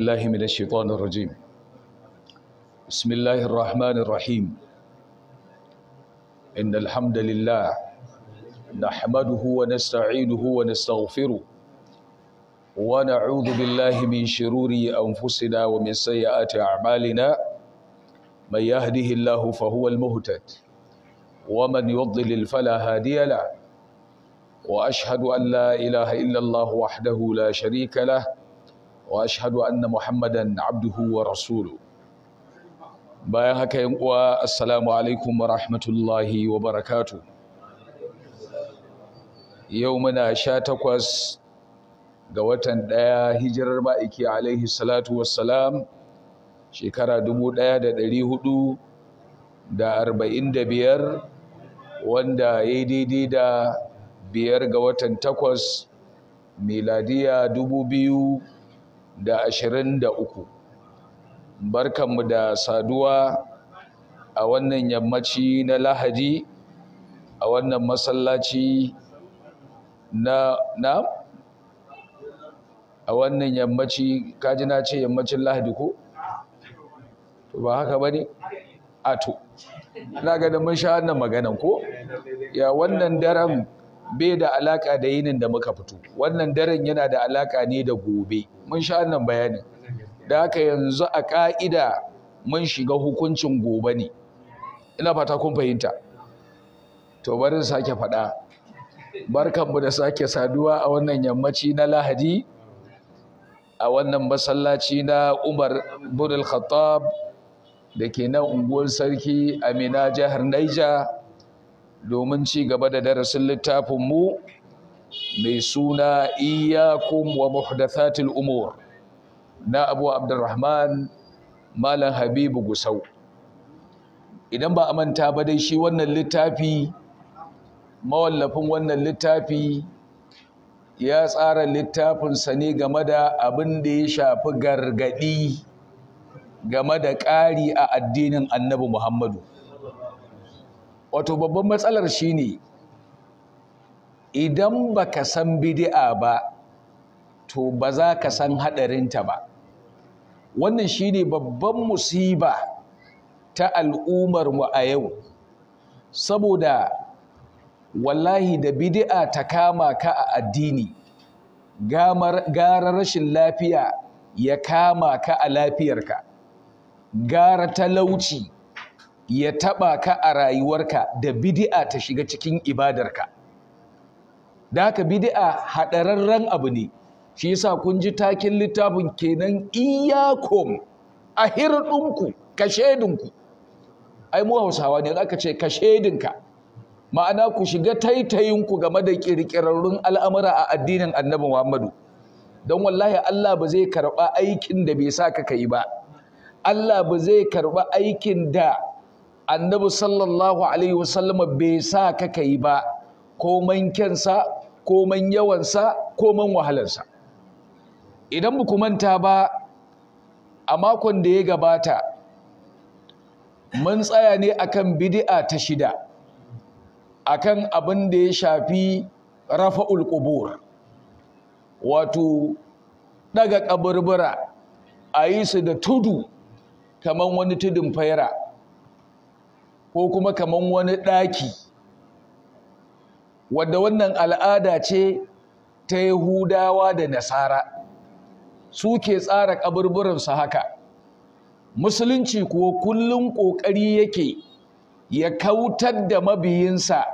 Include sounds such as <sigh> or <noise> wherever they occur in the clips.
الله من الشيطان الرجيم بسم الله الرحمن الرحيم إن الحمد لله نحمده ونستعينه ونستغفره ونعوذ بالله من شرور أنفسنا ومن سيئات أعمالنا من يهده الله فهو المهتد ومن يضلل فلا هادي له وأشهد أن لا إله إلا الله وحده لا شريك له واشهد ان محمدا عبده ورسوله bayan haka yin uwa assalamu alaikum wa rahmatullahi wa barakatu yau muna sha takwas ga watan ɗaya hijirar ma'aiki alaihi salatu wassalam shekara dubu ɗaya da ɗari hudu da arba'in da biyar wanda ya daidai da biyar ga watan takwas miladiya dubu biyu da ashirin da uku barkanmu da saduwa a wannan yammaci na lahadi a wannan masallaci na na a wannan yammaci kaji na ce yammacin lahadi ko ba haka ba ne ato na ganin mun sha wannan maganan ko ya wannan daren bai da alaka da yinin da muka fito wannan daren yana da alaka ne da gobe mun sha wannan bayanin da haka yanzu a ka'ida mun shiga hukuncin gobe ne ina fata kun fahimta to bari sake faɗa barkanmu da sake saduwa a wannan yammaci na lahadi a wannan masallaci na umar budul khattab da ke nan unguwar sarki amina jihar naija domin ci gaba da darasin littafinmu mai suna iyakun wa muhdathatil umur na abu abdurrahman malam habibu gusau idan ba a manta ba dai shi wannan littafi mawallafin wannan littafi ya tsara littafinsa ne game da abin da ya shafi gargadi game da ƙari a addinin annabi muhammadu wato babban matsalar shi ne, idan baka san bidi'a ba to ba za ka san haɗarinta ba wannan shi ne babban musiba ta al'ummar mu a yau saboda wallahi da bidi'a ta kama ka a addini gara rashin lafiya ya kama ka a lafiyarka gara talauci ya taɓa ka a rayuwarka da bidi'a ta shiga cikin ibadarka da haka bidi'a haɗararren abu ne shi yasa kun ji takin littafin kenan iyakon a hirɗinku ka ai mu hausawa ne aka ce ka ma'ana ku shiga taitayinku game da ƙirƙirarrun al'amura a addinin annabi muhammadu don wallahi allah ba zai karɓa aikin da bai sa ka yi ba allah ba zai karɓa aikin da annabi sallallahu alaihi wasallam bai sa ka kai ba koman ko man yawansa koman wahalarsa idan ba ku manta ba a makon da ya gabata mun tsaya ne akan bid'a ta shida akan abin da ya shafi rafa'ul qubur wato daga kaburbura a yi su da tudu kamar wani tudun faira ko kuma kaman wani ɗaki wadda wannan al'ada ce ta yahudawa da nasara su ke tsara su haka musulunci kuwa kullum ƙoƙari yake ya kautar da mabiyinsa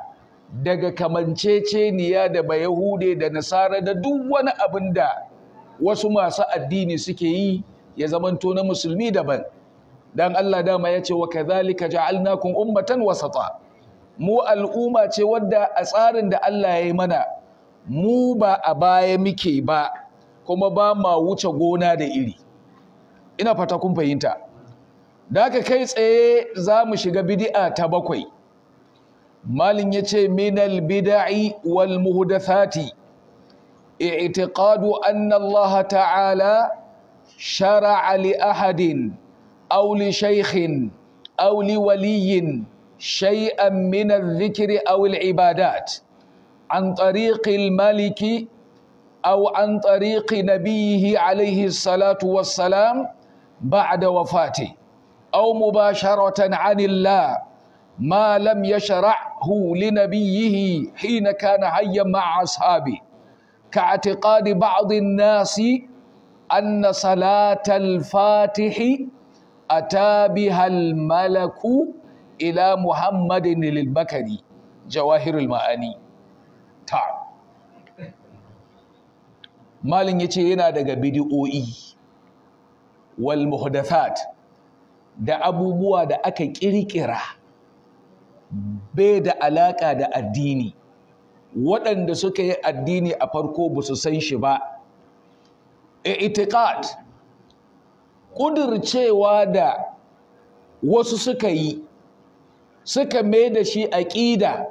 daga kamanceceniya da bayahude da nasara da duk wani abin da wasu masu addini suke yi ya zamanto na musulmi daban. dan Allah dama ya ce wa kadhalika ja'alnakum ummatan wasata mu al'umma ce wadda a tsarin da Allah ya yi mana mu ba a baya muke ba kuma ba ma wuce gona da iri ina fata kun fahimta da haka kai tsaye za mu shiga bid'a ta bakwai malin ya ce minal bida'i wal muhdathati i'tiqadu anna Allah ta'ala shara'a li ahadin أو لشيخ أو لولي شيئا من الذكر أو العبادات عن طريق الملك أو عن طريق نبيه عليه الصلاة والسلام بعد وفاته أو مباشرة عن الله ما لم يشرعه لنبيه حين كان حيا مع أصحابه كاعتقاد بعض الناس أن صلاة الفاتح atabihal malaku ila muhammadin lilbakari jawahirul ma'ani ta malin ya ce yana daga bidi'o'i wal muhdathat da abubuwa da aka kirkira bai da alaka da addini waɗanda suka yi addini a farko ba su san shi ba itiqad ƙudurcewa da wasu suka yi suka mai da shi aƙida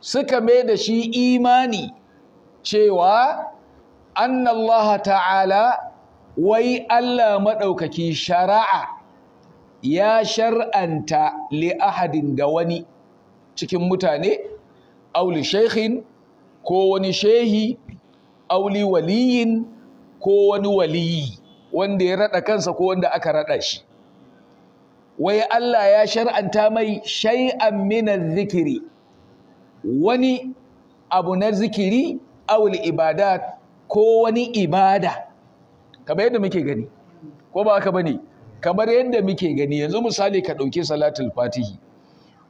suka mai da shi imani cewa annallaha ta'ala wai Allah maɗaukaki shara'a ya shar'anta li ahadin ga wani cikin mutane auli shekhin ko wani shehi auli waliyin ko wani waliyi wanda ya raɗa kansa ko wanda aka raɗa shi wai Allah ya shar'anta mai shay'an minan zikiri wani abu na zikiri awul ibada ko wani ibada kamar yadda muke gani ko ba haka bane kamar yadda muke gani yanzu misali ka ɗauki salatul fatihi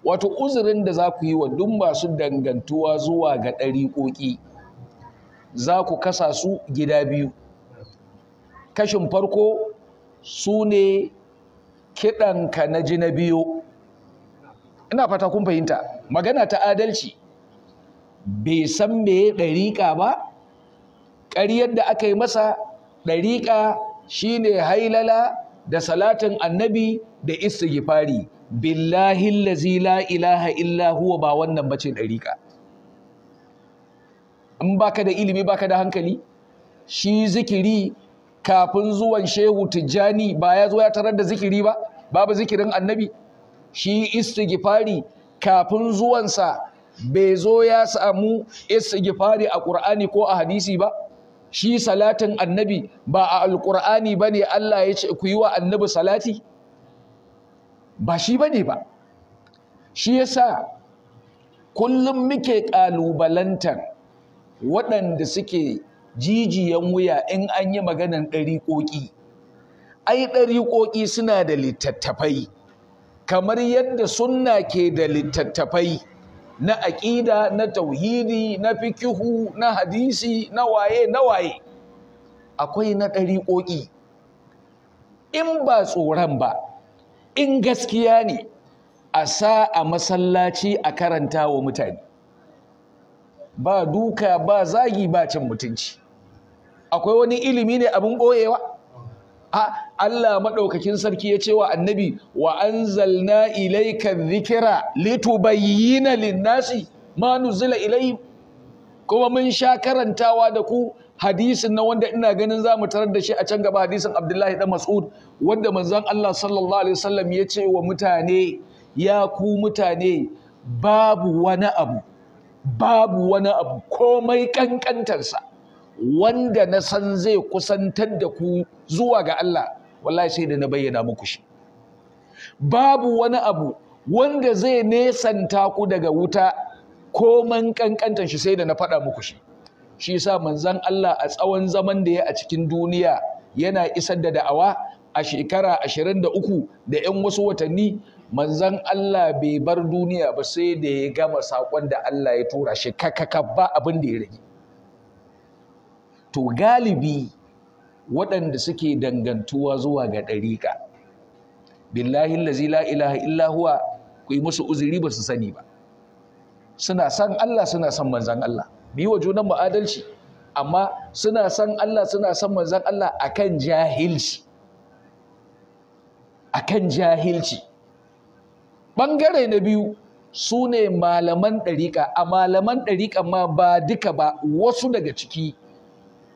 wato uzurin da za ku yi wa duk masu dangantuwa zuwa ga ɗariƙoƙi za ku kasa su gida biyu kashin farko su ne kiɗanka na ji na biyu ina fata kun fahimta magana ta adalci bai san meye ɗariƙa ba ƙaryar da aka yi masa ɗariƙa shine hailala da salatin annabi da istighfari billahi lazi la ilaha illa huwa ba wannan bace ɗariƙa in baka da ilimi baka da hankali shi zikiri kafin zuwan shehu tijjani ba ya zo ya tarar da zikiri ba babu zikirin annabi shi istighfari kafin zuwansa bai zo ya samu istighfari a ƙur'ani ko a hadisi ba shi salatin annabi ba a alƙur'ani ba ne? Allah ya ce ku yi wa annabi salati ba shi bane ba shi ya sa kullum muke ƙalubalantar waɗanda suke jijiyan wuya in an yi maganan ɗariƙoƙi ai ɗariƙoƙi suna da littattafai kamar yadda sunna ke da littattafai na aƙida na tauhidi na fikihu na hadisi na waye na waye akwai na ɗariƙoƙi in ba tsoron ba in gaskiya ne a sa a masallaci a karanta wa mutane ba duka ba zagi ba cin mutunci akwai wani ilimi ne abin ɓoyewa ha Allah maɗaukakin sarki ya ce wa annabi wa anzalna ilayka dhikra litubayyana lin ma nuzila ilayhi kuma mun sha karantawa da ku hadisin na wanda ina ganin za mu tarar da shi a can gaba hadisin Abdullahi dan Mas'ud wanda manzon Allah sallallahu alaihi wasallam ya ce wa mutane ya ku mutane babu wani abu babu wani abu komai kankantarsa wanda na san zai kusantar da ku zuwa ga Allah wallahi sai da na bayyana muku shi babu wani abu wanda zai nesanta ku daga wuta ko man kankantar shi sai da na faɗa muku shi shi yasa manzon Allah a tsawon zaman da ya a cikin duniya yana isar da da'awa a shekara 23 da 'yan wasu watanni manzon Allah bai bar duniya ba sai da ya gama sakon da Allah ya tura shi kakaka ba abin da ya rage to galibi waɗanda suke dangantuwa zuwa ga ɗariƙa billahi lazi la ilaha illa huwa ku yi musu uzuri ba su sani ba suna san Allah suna san manzan Allah mu wa junan ma'adalci, amma suna san Allah suna san manzan Allah akan jahilci akan jahilci ɓangare na biyu su ne malaman ɗariƙa a malaman ɗariƙa ma ba duka ba wasu daga ciki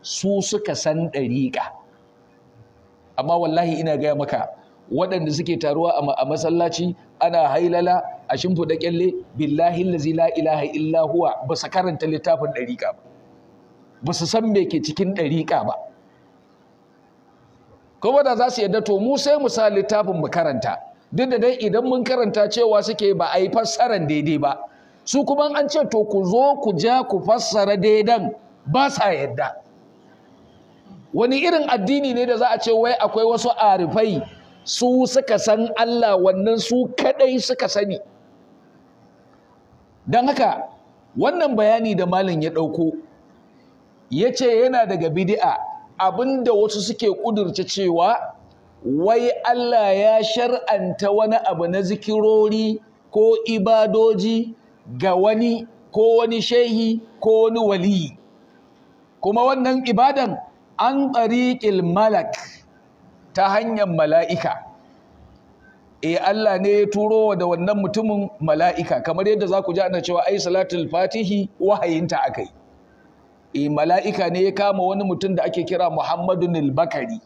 su suka san ɗariƙa amma wallahi ina gaya maka waɗanda suke taruwa a masallaci ana hailala a shimfiɗa ƙyalle, billahi lazi la ilaha illa huwa ba su karanta littafin ɗariƙa ba ba su san me ke cikin ɗariƙa ba kuma da za su yadda to mu sai mu sa littafin mu karanta duk da dai idan mun karanta cewa suke ba a yi fassaran daidai ba su kuma an ce to ku zo ku ja ku fassara daidan ba sa yadda wani irin addini ne da za a ce wai akwai wasu arifai su suka san Allah wannan su kadai suka sani don haka wannan bayani da malam ya ɗauko ya ce yana daga bidi'a abinda wasu suke ƙudurce cewa wai Allah ya shar'anta wani abu na zikirori ko ibadoji ga wani ko wani shehi ko wani waliyi kuma wannan ibadan an ɓariƙil malak ta hanyar mala'ika e Allah ne ya turo da wannan mutumin mala'ika kamar yadda za ku ji ana cewa ai salatul fatihi wahayinta yi e mala'ika ne ya kama wani mutum da ake kira Muhammadu nilbakari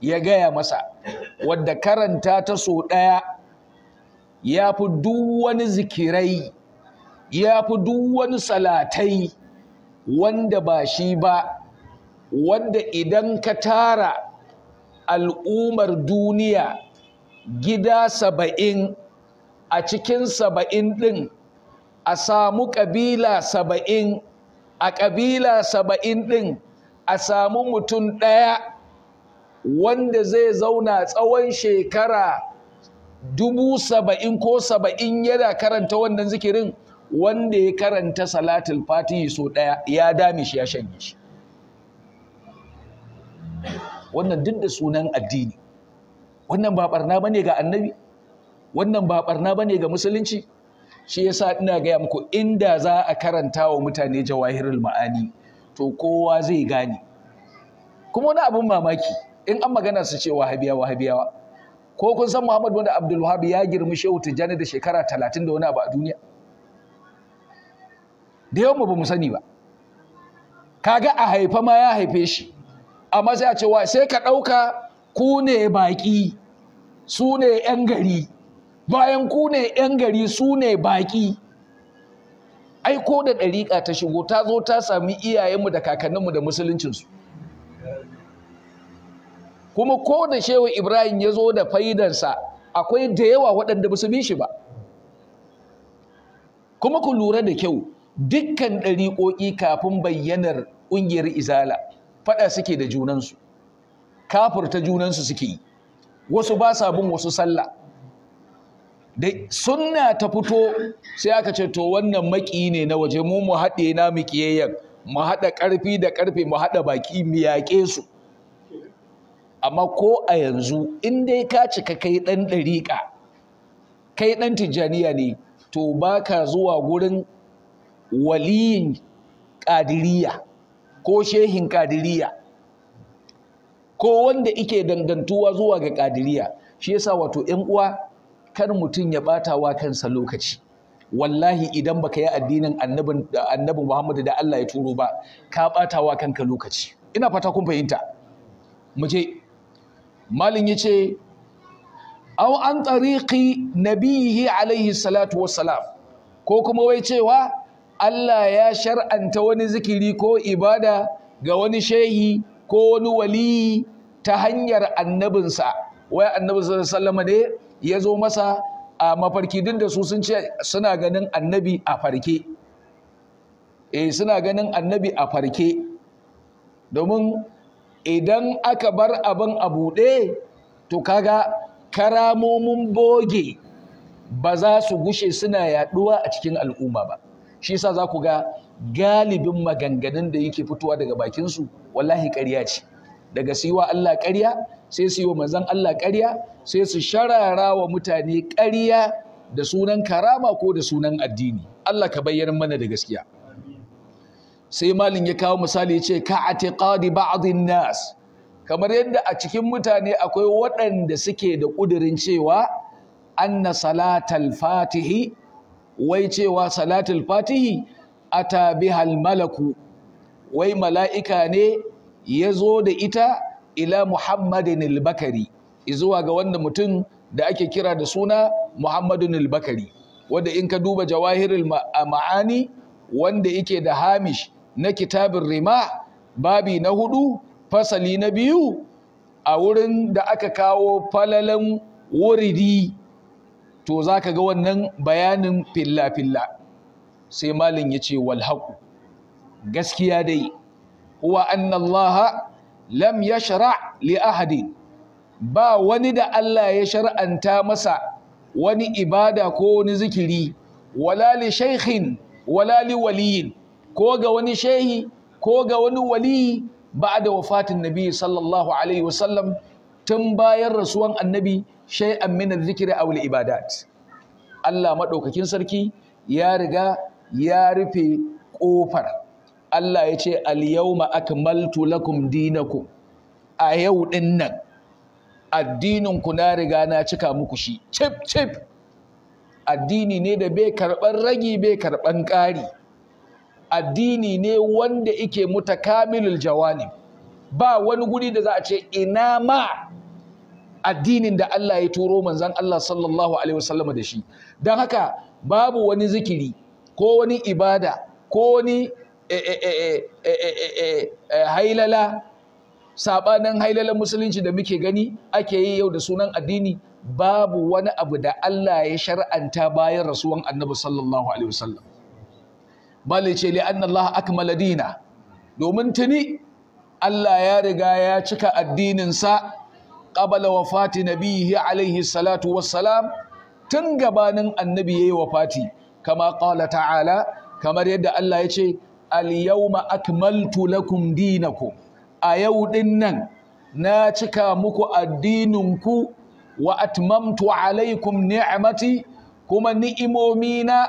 ya gaya masa wadda karanta ta so ɗaya ya fi wani zikirai ya fi wani salatai wanda ba shi ba wanda idan ka tara al'ummar duniya gida saba'in a cikin saba'in ɗin a samu ƙabila saba'in a ƙabila saba'in ɗin a samu mutum ɗaya wanda zai zauna tsawon shekara dubu saba'in ko saba'in yana karanta wannan zikirin wanda ya karanta salatul fatihi so ɗaya ya dame shi ya shanye shi wannan duk da sunan addini wannan ba barna bane ga annabi wannan ba barna bane ga musulunci shi yasa ina gaya muku inda za a karanta wa mutane jawahirul ma'ani to kowa zai gane kuma wani abun mamaki in an magana su ce wahabiya wahabiyawa ko kun san Muhammad wanda Abdul Wahab ya girmi Shehu Tijjani da shekara 30 da wani abu a duniya da yawan mu ba mu sani ba kaga a haifa ma ya haife shi A sai cewa, sai ka ɗauka ku ne baƙi su ne 'yan gari bayan ku ne 'yan gari su ne baƙi ai ko da ɗariƙa ta shigo ta zo ta sami iyayenmu da kakanninmu da musuluncinsu kuma ko da shehu ibrahim ya zo da faidansa akwai da yawa waɗanda ba su bi shi ba kuma ku lura da kyau dukkan ɗariƙoƙi kafin bayyanar ƙungiyar izala faɗa suke da junansu kafurta junansu suke yi wasu ba sa bin wasu sallah da sunna ta fito sai aka ce to wannan maki ne na waje mu mu haɗe na mu mu haɗa ƙarfi da ƙarfe mu haɗa baki mu yaƙe su amma ko a yanzu in dai ka cika kai ɗan ɗariƙa kai ɗan tijjaniya ne to ba ka zuwa gurin waliyin ƙadiriya ko shehin kadiriya ko wanda ike dangantuwa zuwa ga kadiriya shi yasa wato 'yan uwa kan mutum ya bata wa kansa lokaci wallahi idan baka yi addinin annabin Muhammadu da Allah ya turo ba ka bata wa kanka lokaci ina fata kun fahimta mu je malin yace ce, an tsariki nabihi alaihi salatu wassalam ko kuma wai cewa Allah ya shar'anta wani zikiri ko ibada ga wani shehi ko wani waliyi ta hanyar annabinsa wai annabinsa sallama ne ya zo masa a mafarki din da su sun ce suna ganin annabi a farke eh suna ganin annabi a farke domin idan aka bar abin a buɗe to kaga karamomin boge ba za su gushe suna yaɗuwa a cikin al'umma ba shi yasa za ku ga galibin maganganun da yake fitowa daga bakinsu wallahi ƙarya ce daga su yi wa Allah ƙarya sai su yi wa manzan Allah ƙarya sai su sharara wa mutane ƙarya da sunan karama ko da sunan addini Allah ka bayyana mana da gaskiya sai malin ya kawo misali ya ce ka atiqadi ba'dhin nas kamar yadda a cikin mutane akwai waɗanda suke da ƙudurin cewa anna salatal fatihi wai cewa salatul fatihi ata bihal malaku wai mala'ika ne ya zo da ita ila muhammadin al-bakari zuwa ga wanda mutum da ake kira da suna muhammadin al-bakari in ka duba jawahirul ma'ani wanda yake da hamish na kitabin rima babi na hudu fasali na biyu a wurin da aka kawo falalan wuridi to za ka ga wannan bayanin filla-filla sai malin ya ce walhaku gaskiya dai huwa annallaha lam ya shara li ahadi ba wani da Allah ya shar'anta masa wani ibada ko wani zikiri wala li shaykhin wala li waliyin ko ga wani shehi ko ga wani waliyi ba da wafatin nabi sallallahu alaihi wasallam tun bayan rasuwan annabi shay'an min zikiri a aw al-ibadat Allah madaukakin sarki ya riga ya rufe ƙofar. Allah ya ce al-yawma akmaltu lakum dinakum a yau din nan addinin ku na riga na cika muku shi chip chip addini ne da bai karban ragi bai karban ƙari addini ne wanda yake mutakamilul jawani. ba wani guri da za a ce ina ma addinin da Allah ya turo manzan Allah sallallahu alaihi wasallam da shi don haka babu wani zikiri ko wani ibada ko wani eh, eh, eh, hailala sabanin hailalan musulunci da muke gani ake yi yau da sunan addini babu wani abu da Allah ya shar'anta bayan rasuwan annabi sallallahu alaihi wasallam bale ce li anna Allah akmala dina domin tuni Allah ya riga ya cika addininsa qabala wafati nabihi alayhi salatu wassalam tun gabanin annabi yayi wafati kama qala ta'ala kamar yadda Allah ya ce al-yawma akmaltu lakum dinakum a yau din nan na cika muku addininku wa atmamtu alaikum ni'mati kuma ni'imomina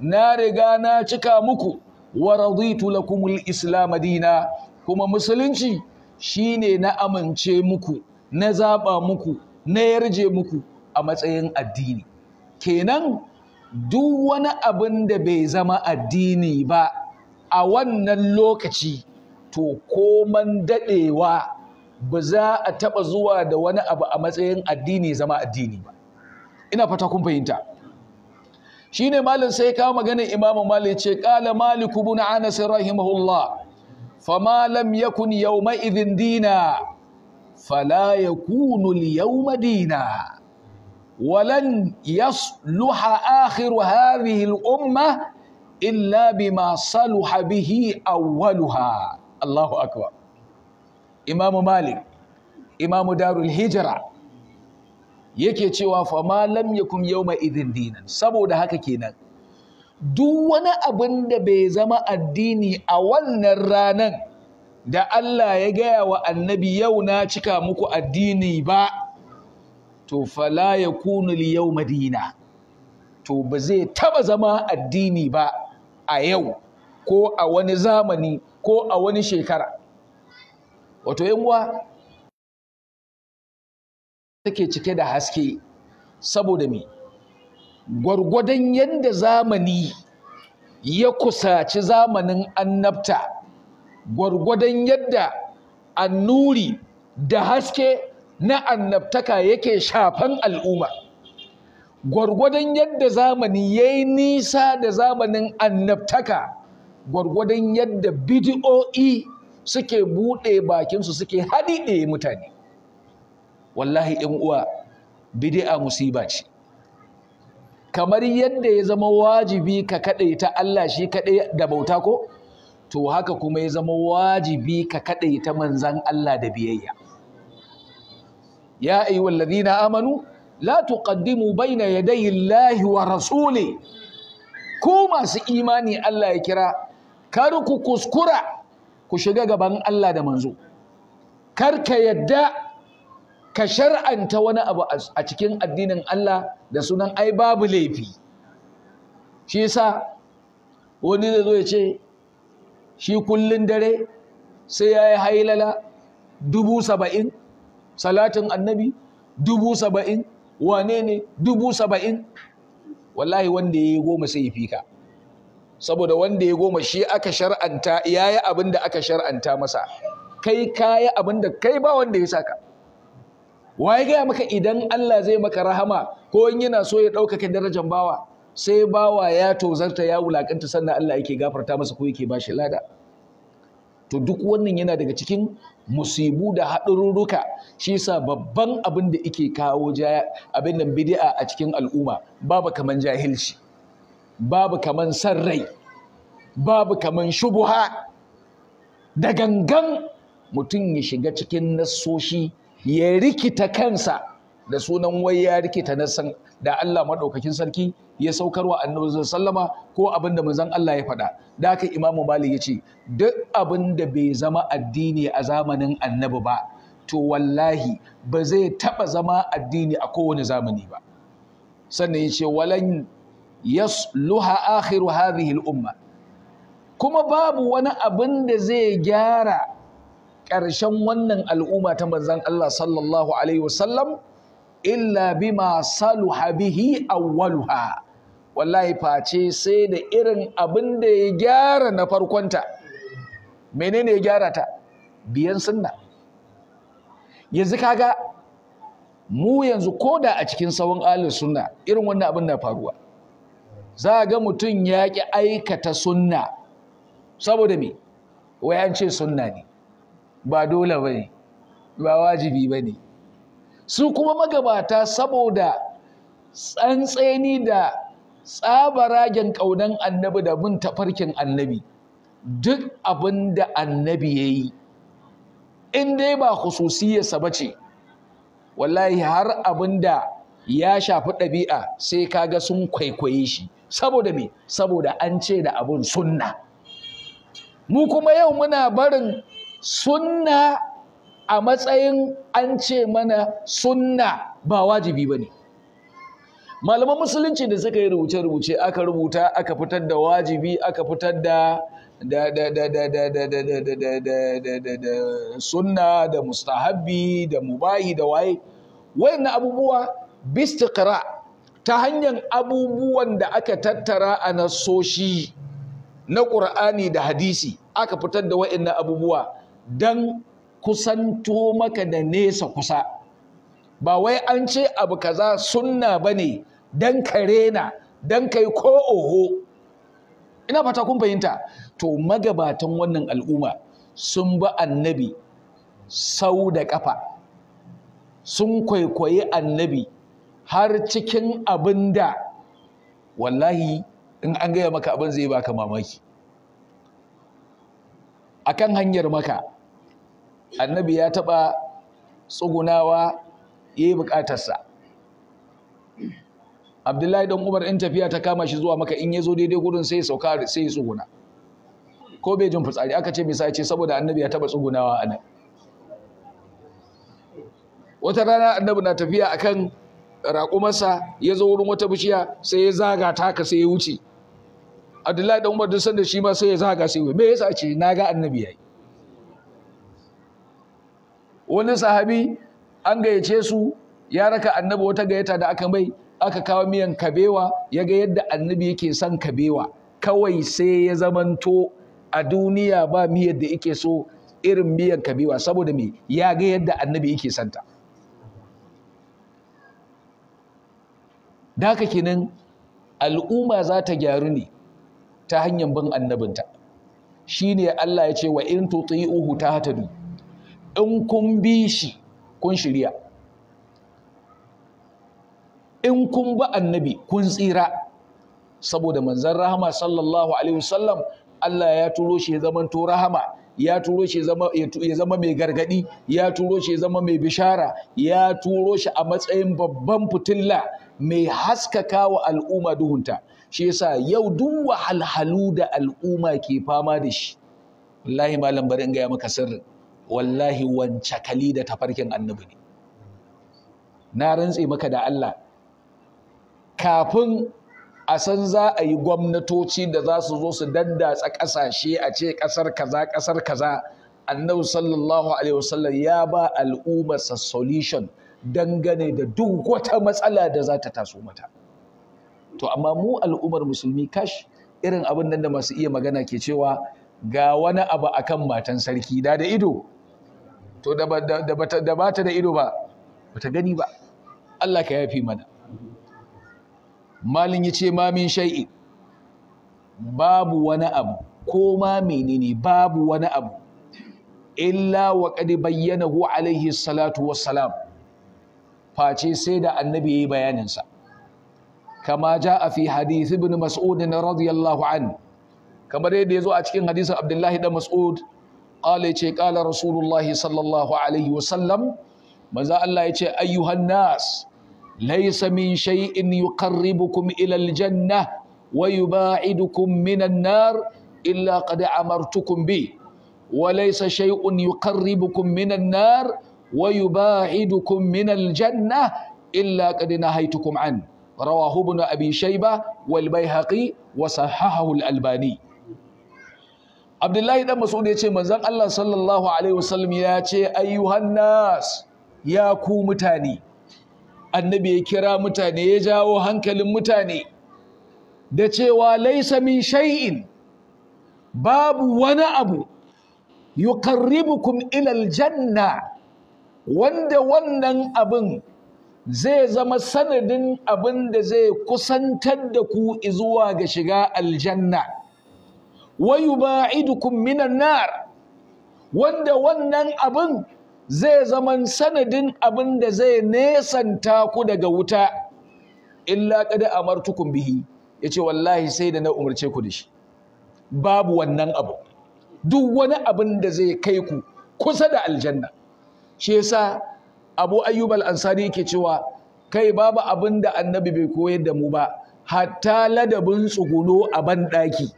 na riga na cika muku wa raditu lakumul islam dina kuma musulunci shine na amince muku na zaɓa muku na yarje muku a matsayin addini kenan duk wani abin da bai zama addini ba a wannan lokaci to koman daɗewa ba za a taɓa zuwa da wani abu a matsayin addini zama addini ba ina fata kun fahimta shi ne malin sai kawo maganin imamu malin ce ƙala maliku bin anas rahimahullah fama lam yakun yau ma'izin dina fala ya kunu liyau madina walan ya luha akhiru hadhihi umma, illa bima saluha bihi awwaluha Allahu akbar Imam Malik Imam Darul Hijra yake cewa fa ma lam yakum yawma idhin dinan saboda haka kenan duk wani abin da bai zama addini a wannan ranar da Allah ya gaya wa annabi yau na cika muku addini ba to fala ya kunu li yau madina to ba zai taba zama addini ba a yau ko a wani zamani ko a wani shekara wato yanwa take cike da haske saboda me gwargwadon yadda zamani ya kusaci zamanin annabta gwargwadon yadda annuri da haske na annabtaka yake shafan al'umma gwargwadon yadda zamani ya yi nisa da zamanin annabtaka gwargwadon yadda bidiyo'i suke buɗe bakinsu suke haɗiɗe mutane wallahi ‘yan uwa bidi'a musiba ce kamar yadda ya zama wajibi ka kaɗai ta Allah shi kaɗai da bauta ko to haka kuma ya zama wajibi ka ta manzan Allah da biyayya ya ayyuhal ladina amanu la tuqaddimu baina yadayi Allahi wa rasuli ku masu imani Allah ya kira kar ku kuskura ku shiga gaban Allah da manzo kar ka yadda ka shar'anta wani abu a cikin addinin Allah da sunan ai babu laifi shi yasa wani zai zo ya ce shi kullun dare sai ya yi hailala dubu saba'in salatin annabi dubu saba'in wane ne dubu saba'in wallahi wanda ya yi goma sai ya fi ka saboda wanda ya goma shi aka shar'anta ya yi abin da aka shar'anta masa kai ka yi abin da kai ba wanda ya saka waye gaya maka idan Allah zai maka rahama ko in yana so ya ɗaukaka darajan bawa sai bawa ya tozarta ya wulakanta sannan Allah yake gafarta masa ko yake bashi lada to duk wannan yana daga cikin musibu da haɗururruka shi yasa babban abin da yake kawo abin nan bid'a a cikin al'umma babu kaman jahilci babu kaman san rai babu kaman shubuha da gangan mutum ya shiga cikin nasoshi ya rikita kansa da sunan wai ya rikita na san da Allah maɗaukakin sarki ya saukarwa annabi sallama ko abin da manzon Allah ya faɗa da haka imamu malik yace duk abin da bai zama addini a zamanin annabi ba to wallahi ba zai taɓa zama addini a kowane zamani ba sannan yace walan yasluha akhiru hadhihi al-umma kuma babu wani abin da zai gyara ƙarshen wannan al'umma ta manzon Allah sallallahu alaihi wasallam illa bima saluha bihi awwaluha wallahi face sai da irin abin da ya gyara na farkonta menene ya gyara ta biyan sunna yanzu kaga mu yanzu koda a cikin sawun alin sunna irin wannan abin na faruwa za ga mutum ya ki aikata sunna saboda me wai an ce sunna ne ba dole bane ba wajibi bane su kuma magabata saboda tsantseni da tsabaragen ƙaunan annabi da bin tafarkin annabi duk abin da annabi ya yi in dai ba hususiyarsa ba ce wallahi har abin da ya shafi ɗabi'a sai ka ga sun kwaikwaye shi saboda me saboda an ce da abin sunna mu kuma yau muna barin sunna a matsayin an ce mana sunna ba wajibi ba ne malaman musulunci da suka yi rubuce-rubuce aka rubuta aka fitar da wajibi aka fitar da sunna da mustahabbi da mubahi da waye na abubuwa bistiqra ta hanyar abubuwan da aka tattara a nasoshi na ƙur'ani da hadisi aka fitar da na abubuwa dan kusanto maka da nesa kusa ba wai an ce abu kaza sunna bane dan ka rena dan kai ko oho ina fata kun fahimta to magabatan wannan al'umma sun ba annabi sau da kafa sun kwaikwayi annabi har cikin abin da wallahi in an gaya maka abin zai baka mamaki akan hanyar maka annabi ya taɓa tsugunawa ya yi bukatarsa abdullahi don umar in tafiya ta kama shi zuwa maka in ya zo daidai gudun sai ya sauka sai ya tsuguna ko bai jin fitsari aka ce misali ce saboda annabi ya taɓa tsugunawa a nan wata rana annabi na tafiya akan raƙumarsa ya zo wurin wata bishiya sai ya zaga taka sai ya wuce abdullahi don umar duk sanda shi ma sai ya zaga sai ya me yasa ce na ga annabi yayi wani sahabi an gayyace su ya raka annabi wata gayyata da aka mai aka kawo miyan kabewa ya ga yadda annabi yake son kabewa kawai sai ya zamanto a duniya ba miyar da yake so irin miyan kabewa saboda mai ya ga yadda annabi yake santa da haka kinan al'umma za ta gyaru ne ta hanyar bin annabinta shi ne Allah ya ce wa in tuti'uhu tahtadu in kun bi shi kun shirya in kun ba annabi kun tsira saboda manzan rahama sallallahu alaihi wasallam Allah ya turo shi ya zama to rahama ya turo shi ya zama mai gargadi ya turo shi ya zama mai bishara ya turo shi a matsayin babban fitilla mai haskaka wa al'umma duhunta shi yasa yau duk wahalhalu da al'umma ke fama da shi wallahi malam bari in gaya maka sirrin wallahi kali da tafarkin annabi ne na rantse maka da Allah kafin a san za a yi gwamnatoci da za su zo su dandatsa ƙasashe a ce ƙasar kaza ƙasar kaza annabi sallallahu alaihi wasallam ya ba al'ummarsa solution dangane da duk wata matsala da za ta taso mata to amma mu al'ummar musulmi kash irin abin nan da masu iya magana ke cewa ga wani abu akan matan sarki da da ido to da ba ta da ido ba ba ta gani ba Allah ka yafi mana malin ya ce mamin shai'i babu wani abu ko ma menene babu wani abu illa wa qad bayyanahu alaihi salatu wassalam face sai da annabi yayi bayanin sa kama jaa fi hadith ibn mas'ud radiyallahu an kamar yadda yazo a cikin hadisin abdullahi dan mas'ud qala yace qala rasulullahi sallallahu alaihi wasallam manzo Allah yace ayyuhan nas laisa min shay'in yuqarribukum ila aljanna wa yubaidukum minan nar illa qad amartukum bi wa laysa shay'un yuqarribukum minan nar wa yubaidukum minal janna illa qad nahaitukum an rawahu ibn abi shayba wal baihaqi wa sahahahu al albani abdullahi dan mas'ud ya ce manzon Allah sallallahu alaihi wasallam ya ce ayyuhan nas ya ku mutane annabi ya kira mutane ya jawo hankalin mutane da cewa laisa min shay'in babu wani abu yuqarribukum ila aljanna wanda wannan abin zai zama sanadin abin da zai kusantar da ku zuwa ga shiga aljanna wa yuba'idukum minan nar wanda wannan abin zai zaman sanadin abin da zai nesanta ku daga wuta illa qad amartukum bihi yace wallahi sai da na umarce ku da shi babu wannan abu duk wani abin da zai kai ku kusa da aljanna shi yasa Abu Ayyub al-Ansari yake cewa kai babu abin da Annabi bai koyar da mu ba hatta ladabin tsuguno a banɗaki.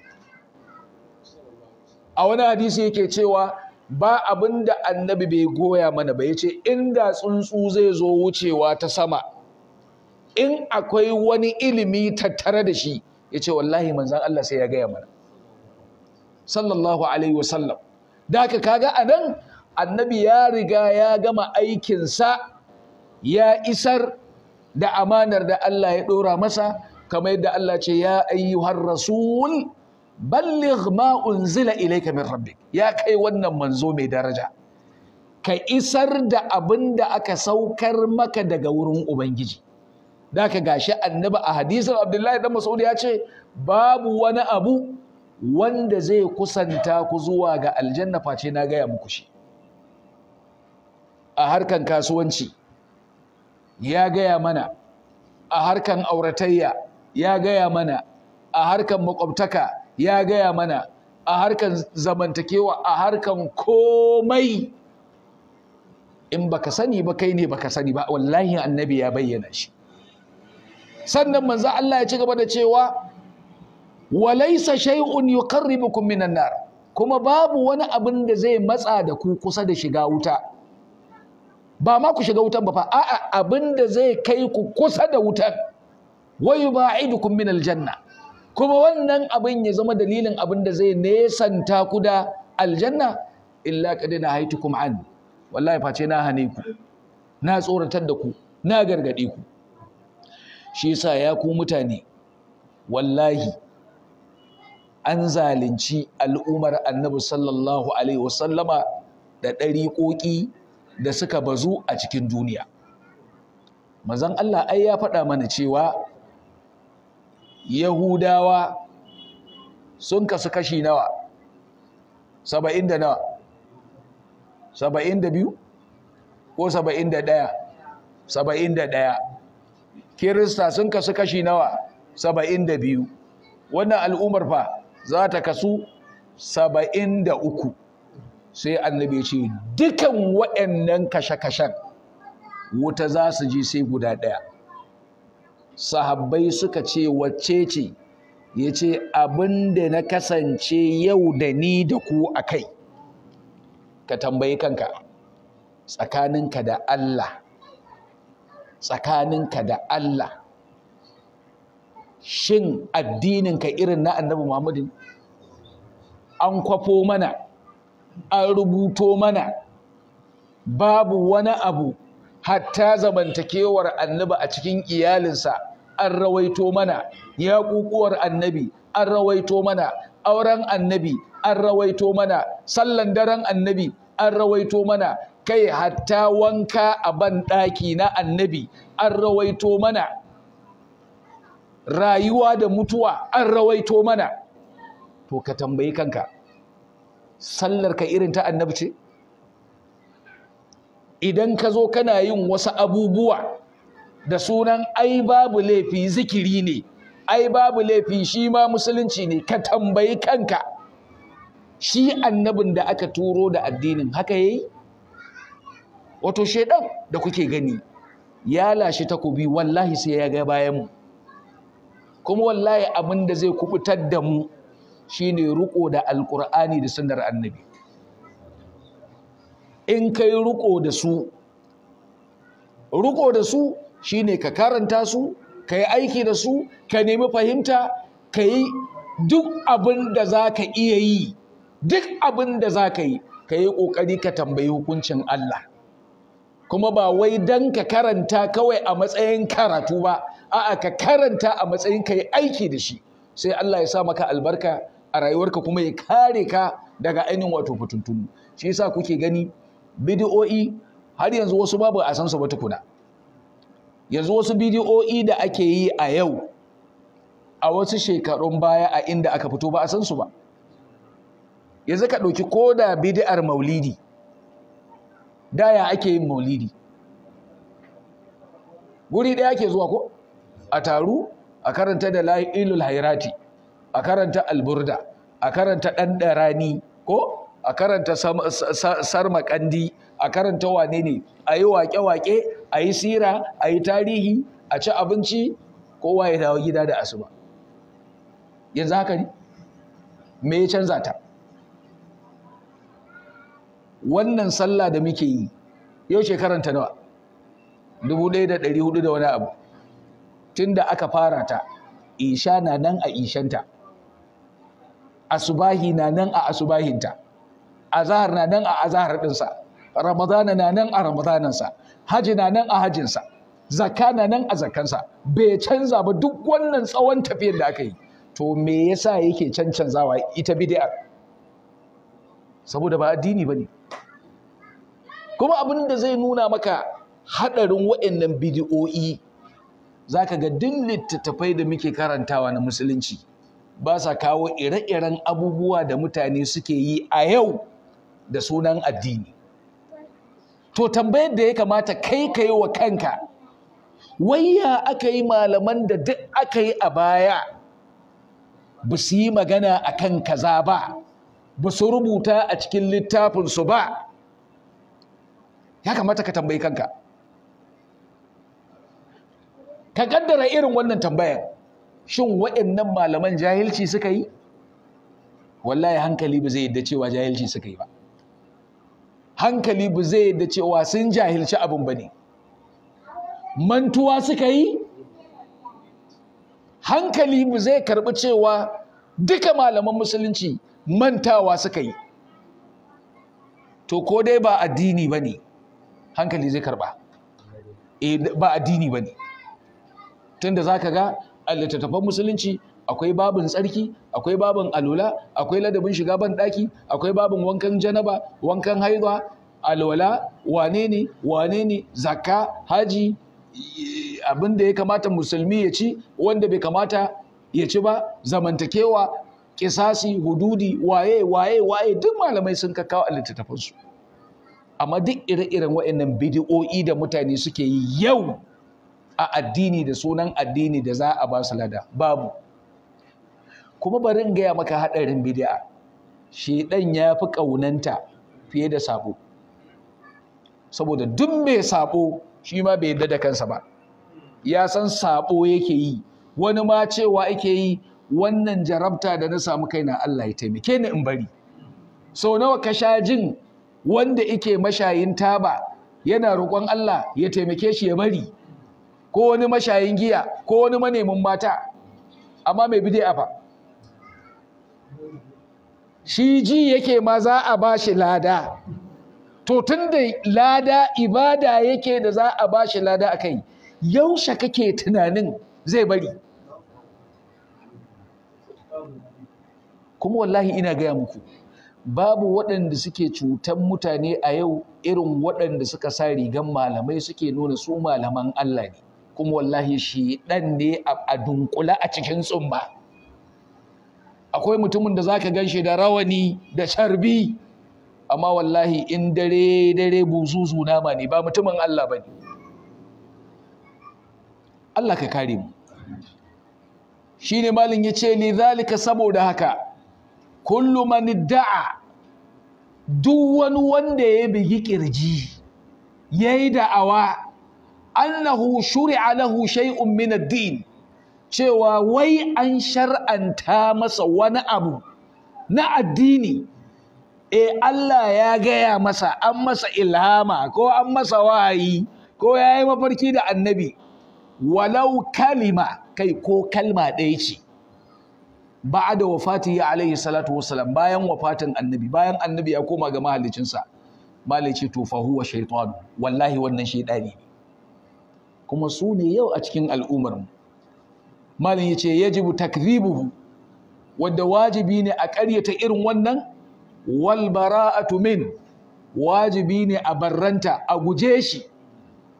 a wani hadisi yake cewa ba abin da annabi bai goya mana ba ya ce inda tsuntsu zai zo wucewa ta sama in akwai wani ilimi tattare da shi ya ce wallahi manzan Allah sai ya gaya mana sallallahu alaihi wasallam da aka kaga a nan annabi ya riga ya gama aikinsa ya isar da amanar da Allah ya ɗora masa kamar yadda Allah ce ya ayyuhar rasul balligh ma unzila ilayka min rabbik ya kai wannan manzo mai daraja ka isar da abin da aka saukar maka daga wurin ubangiji da ka gashi annabi a hadisin abdullahi dan mas'ud ya ce babu wani abu wanda zai kusanta ku zuwa ga aljanna face na gaya muku shi a harkan kasuwanci ya gaya mana a harkan auratayya ya gaya mana a harkan makwabtaka ya gaya mana a harkan zamantakewa a harkan komai in baka sani ba kai ne baka sani ba wallahi annabi ya bayyana shi sannan manzo Allah ya ci gaba da cewa walaysa shay'un yuqarribukum minan nar kuma babu wani abin da zai matsa da ku kusa da shiga wuta ba ma ku shiga wutan ba fa a'a abin da zai kai ku kusa da wutan wa yubaidukum minal janna kuma wannan abin ya zama dalilin abin da zai nesanta ku da aljanna illa kadina haitukum an wallahi face na hane ku na tsoratar da ku na gargade ku shi yasa ya ku mutane wallahi an zalunci al'umar annabi sallallahu alaihi wasallama da ɗariƙoƙi da suka bazu a cikin duniya manzon Allah ai ya faɗa mana cewa yahudawa sun kasu kashi nawa saba'in da nawa saba'in da biyu ko saba'in da ɗaya saba'in da ɗaya kirista sun kasu kashi nawa saba'in da biyu wannan al'ummar fa za ta kasu saba'in da uku sai annabi ce dukan waɗannan kashe-kashen wuta za su ji sai guda ɗaya sahabbai suka ce wacce ce ya ce abin da na kasance yau da ni da ku a kai ka tambayi kanka tsakaninka da Allah tsakaninka da Allah shin addininka irin na annabi Muhammadu an kwafo mana an rubuto mana babu wani abu hatta zamantakewar annabi a cikin iyalinsa an rawaito mana ya kukuwar annabi an rawaito mana auren annabi an rawaito mana sallan daren annabi an rawaito mana kai hatta wanka a ban ɗaki na annabi an rawaito mana rayuwa da mutuwa an rawaito mana to ka tambayi kanka sallar ka irin ta annabi ce idan ka zo kana yin wasu abubuwa da sunan ai babu laifi zikiri ne ai babu laifi shi ma musulunci ne ka tambayi kanka shi annabin da aka turo da addinin haka yayi wato shedan da kuke gani ya lashe takobi wallahi sai ya ga bayan mu kuma wallahi abin da zai kubutar da mu shine ruko da alqur'ani da sunnar annabi in kai ruko da su ruko da su shine ka karanta su ka yi aiki da su ka nemi fahimta ka yi duk abin da za ka iya yi duk abin da za ka yi ka yi ƙoƙari ka tambayi hukuncin Allah kuma ba wai don ka karanta kawai a matsayin karatu ba a'a ka karanta a matsayin ka yi aiki da shi sai Allah ya sa maka albarka a rayuwarka kuma ya kare ka daga ainihin wato fitintunu shi yasa kuke gani bidiyo'i har yanzu wasu babu a san su ba tukuna yanzu wasu bidiyo'i da ake yi a yau a wasu shekarun baya a inda aka fito ba a san su ba yanzu ka ɗauki ko da bidiyar maulidi daya ake yin maulidi guri ɗaya ake zuwa ko a taru a karanta da la'ilul hairati a karanta alburda a karanta ɗan rani, ko a karanta sarma kandi a karanta wane ne a yi waƙe-waƙe a yi sira a yi tarihi a ci abinci kowa ya dawo gida da asuba yanzu haka ne me ya canza ta wannan sallah da muke yi yau shekaranta nawa dubu ɗaya da ɗari hudu da wani abu tun da aka fara ta isha na nan a ishanta asubahi na nan a asubahinta azahar na nan a azahar ɗinsa ramadana na nan a sa. haji na nan a hajinsa zakka na nan a zakansa. bai canza ba duk wannan tsawon tafiyar da aka yi to me yasa yake cancanzawa ita bid'a saboda ba addini bane kuma abin da zai nuna maka hadarin waɗannan bid'o'i zaka ga din littattafai da muke karantawa na musulunci ba sa kawo ire-iren abubuwa da mutane suke yi a yau da sunan addini to tambayar da ya kamata kai ka yi wa kanka wayya aka yi malaman da duk aka yi a baya ba su yi magana a kan kaza ba ba su rubuta a cikin littafinsu ba ya kamata ka tambayi kanka ka kaddara irin wannan tambayar shin waɗannan malaman jahilci suka yi wallahi hankali ba zai yadda cewa jahilci suka yi ba hankali bu zai da cewa sun jahilci abin ba ne mantuwa suka yi hankali bu zai karɓi cewa duka malaman musulunci mantawa suka yi to ko dai ba addini ba ne hankali zai karɓa eh, ba addini ba ne tun za ka ga a littattafan musulunci akwai babin tsarki akwai babin alula akwai ladabin shiga ban daki akwai babin wankan janaba wankan haihuwa, alwala wane ne wane ne zakka haji abin da ya kamata musulmi ya ci wanda bai kamata ya ci ba zamantakewa kisasi hududi waye waye waye duk malamai sun kakkawo a littattafansu amma duk ire-iren waɗannan bidi'o'i da mutane suke yi yau a addini da sunan addini da za a ba su lada babu kuma bari in gaya maka haɗarin bid'a shedan ya fi ƙaunanta fiye da sabo saboda duk mai sabo shi ma bai yarda da kansa ba ya san sabo yake yi wani ma cewa yake yi wannan jarabta da na samu kaina Allah ya taimake ni in bari sau nawa ka sha jin wanda yake mashayin taba yana roƙon Allah ya taimake shi ya bari ko wani mashayin giya ko wani manemin mata amma mai bid'a fa shi ji yake ma za a ba shi lada to tun da lada ibada yake da za a ba shi lada a kai yaushe kake tunanin zai bari kuma wallahi ina gaya muku babu waɗanda suke cutan mutane a yau irin waɗanda suka sa rigan malamai suke nuna su malaman Allah ne kuma wallahi shi ɗan ne a dunkula a cikin tsumba. akwai mutumin da zaka gan shi da rawani da sharbi amma wallahi in dare dare buzuzu nama ne ba mutumin Allah bane Allah ka kare mu shine malin yace ni zalika saboda haka kullu man da'a duk wani wanda ya bigi kirji yayi da'awa annahu shuri'a lahu shay'un min ad-din cewa wai an shar'anta masa wani abu na addini e Allah ya gaya masa an masa ilhama ko an masa wayi, ko ya yi mafarki da annabi walau kalima kai ko kalma ɗaya ce ba da wafati ya alaihi salatu wasalam bayan wafatin annabi bayan annabi ya koma ga mahallicinsa malice to fa huwa shaitan wallahi wannan shaidani ne kuma su ne yau a cikin al'ummar mu malin ya ce yajibu takzibuhu wadda wajibi ne a ƙaryata irin wannan wal a min wajibi ne a barranta a guje shi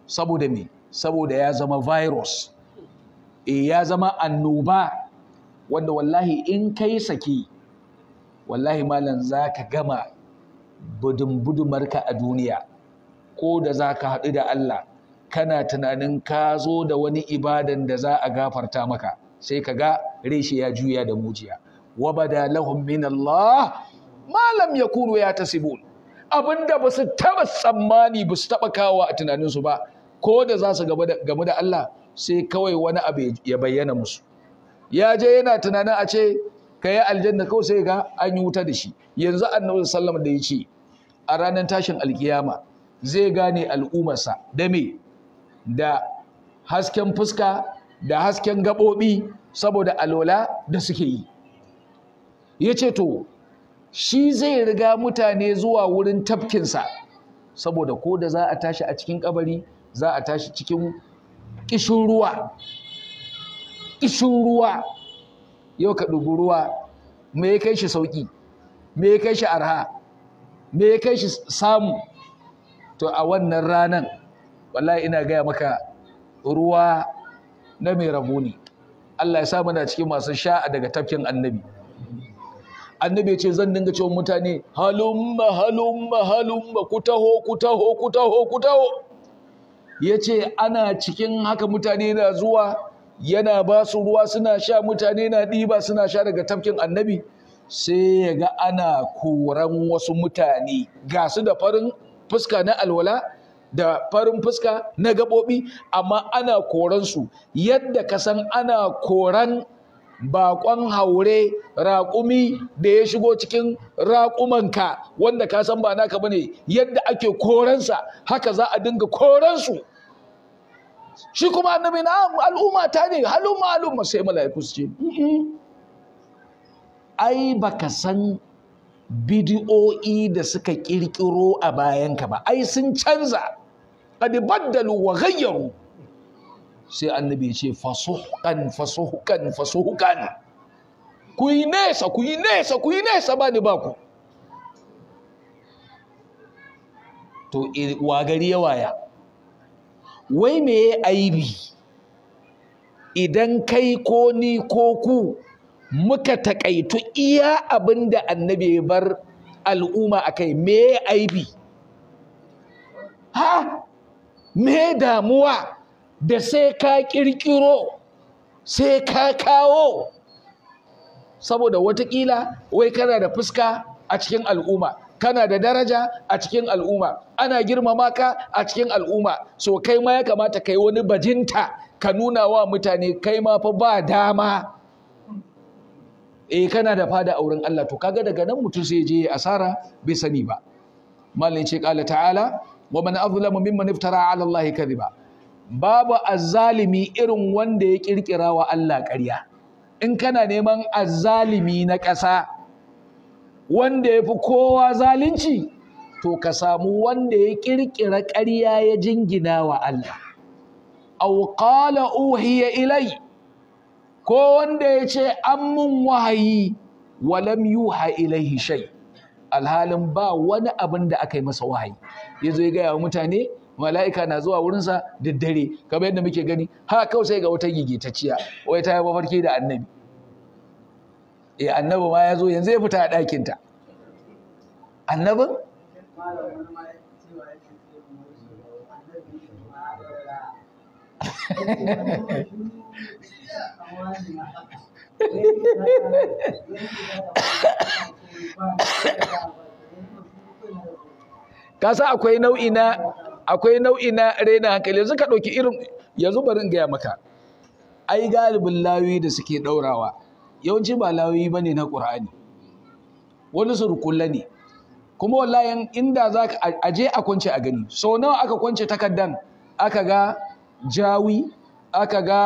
saboda me saboda ya zama virus e ya zama annoba wanda wallahi in kai saki wallahi malam za ka gama budun a duniya ko da za ka haɗu da Allah kana tunanin ka zo da wani ibadan da za a gafarta maka sai ka ga reshe ya juya da mujiya wa bada lahum min Allah ma lam yakunu ya tasibun abinda ba su taba tsammani ba su taba kawo a tunaninsu ba ko da za su gamu da Allah sai kawai wani abu ya bayyana musu ya je yana tunanin a ce ka yi aljanna kawai sai ga an yi wuta da shi yanzu annabi sallam da ya ce a ranar tashin alkiyama zai gane al'ummarsa da me da hasken fuska da hasken gaɓoɓi saboda alola da suke yi ya ce to shi zai riga mutane zuwa wurin tafkinsa saboda ko da za a tashi a cikin kabari za a tashi cikin ƙishin ruwa ƙishin ruwa yau ka ɗugu ruwa me ya kai shi sauƙi me ya kai shi arha me ya kai shi samu to a wannan ranan wallahi ina gaya maka ruwa na mai rabu ne Allah ya sa muna cikin masu sha'a daga tafkin annabi annabi ya ce zan dinga cewa mutane halumma halumma halumma ku taho ku taho ku taho ku taho ya ce ana cikin haka mutane na zuwa yana ba su ruwa suna sha mutane na ɗiba suna sha daga tafkin annabi sai ya ga ana koran wasu mutane ga su da farin fuska na alwala da farin fuska na gaɓoɓi amma ana koransu yadda ka san ana koran bakon haure raƙumi da ya shigo cikin raƙumanka wanda ka san ba naka bane yadda ake koransa haka za a dinga koransu shi kuma annabi na al'umma ta ne halumma al'umma sai mala'iku su ce ai ba ka san bidiyo'i da suka kirkiro a bayanka ba ai sun canza Kadi baddalu wa ghayyaru sai annabi ya ce fasuhqan fasuhqan fasuhqan ku yi nesa ku yi nesa ku yi nesa ba ni ba ku to wa gari ya waya wai me ya aibi idan kai ko ni ko ku muka takaitu iya abin da annabi ya bar al'umma a kai me ya aibi ha me damuwa da sai ka kirkiro sai ka kawo saboda watakila wai kana da fuska a cikin al'umma kana da daraja a cikin al'umma ana girmama ka a cikin al'umma so kai ma ya kamata kai wani bajinta ka nuna wa mutane kai ma fa ba dama eh kana da fada wurin Allah to kaga daga nan mutum sai je asara bai sani ba malin ce qala ta'ala wa man azlamu mimman iftara ala Allah kadhiba babu azzalimi irin wanda ya ƙirƙira wa Allah ƙarya in kana neman azzalimi na ƙasa wanda ya fi kowa zalunci to ka samu wanda ya ƙirƙira ƙarya ya jingina wa Allah aw uhi ya ilai ko wanda ya ce an mun wahayi walam yuha ilaihi shai. alhalin ba wani abin da aka yi masa wahayi ya zo ya gaya wa mutane mala'ika na zuwa wurinsa da dare kamar yadda muke gani ha kawai sai ga wata gigitacciya wai ta yi mafarki da annabi eh annabi ma ya zo yanzu ya fita a ɗakinta annabin <laughs> <laughs> <laughs> ka sa akwai nau'i na akwai nau'i na raina hankali yanzu ka ɗauki irin yanzu bari in gaya maka ai galibin lawi da suke ɗaurawa yawanci ba lawi ba ne na ƙur'ani wani surkulla ne kuma wallahi inda za aje a kwance a gani so nawa aka kwance takardan aka ga jawi aka ga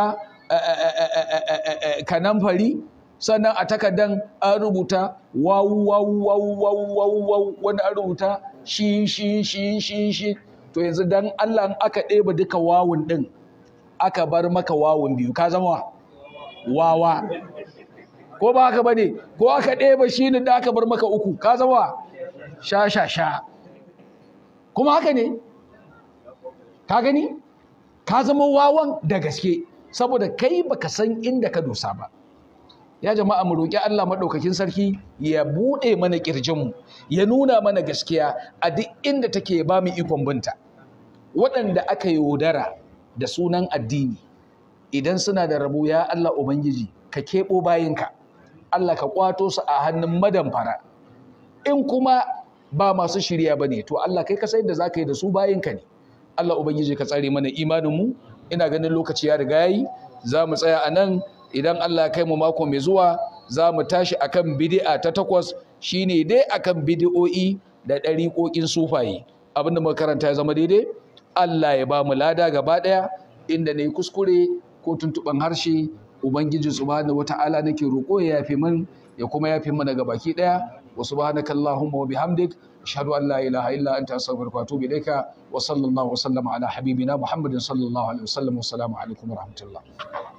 eh, eh, eh, kanamfari sannan a takardan an rubuta wawu wawu wawu wawu wawu wani an rubuta shi shi shi shi shi to yanzu dan Allah aka ɗeba duka wawun ɗin aka bar maka wawun biyu ka zama wawa ko ba haka bane ko aka ɗeba shi ne da aka bar maka uku ka zama sha sha sha kuma haka ne ka gani ka zama wawan da gaske saboda kai baka san inda ka dosa ba ya jama'a mu roƙi Allah maɗaukakin sarki ya buɗe mana ƙirjinmu ya nuna mana gaskiya a duk inda take ba mu ikon binta waɗanda aka yaudara da sunan addini idan suna da rabo ya Allah ubangiji ka keɓo bayinka Allah ka kwato su a hannun madamfara in kuma ba masu shirya bane, to Allah kai ka sai da za yi da su bayinka ne Allah ubangiji ka tsare mana imaninmu ina ganin lokaci ya riga yayi za mu tsaya a nan idan Allah kai mu mako mai zuwa za mu tashi akan bid'a ta takwas shine dai akan bid'o'i da ɗariƙoƙin sufaye abinda muka karanta ya zama daidai Allah ya ba mu lada gaba ɗaya inda na yi kuskure ko tuntuɓan harshe ubangiji subhanahu wata'ala nake roƙo ya yafe min ya kuma yafe mana gaba baki ɗaya wa subhanaka allahumma wa bihamdik ashhadu an la ilaha illa anta astaghfiruka wa atubu ilayka wa sallallahu wa sallama ala habibina muhammadin sallallahu alaihi wasallam wa assalamu alaikum wa rahmatullah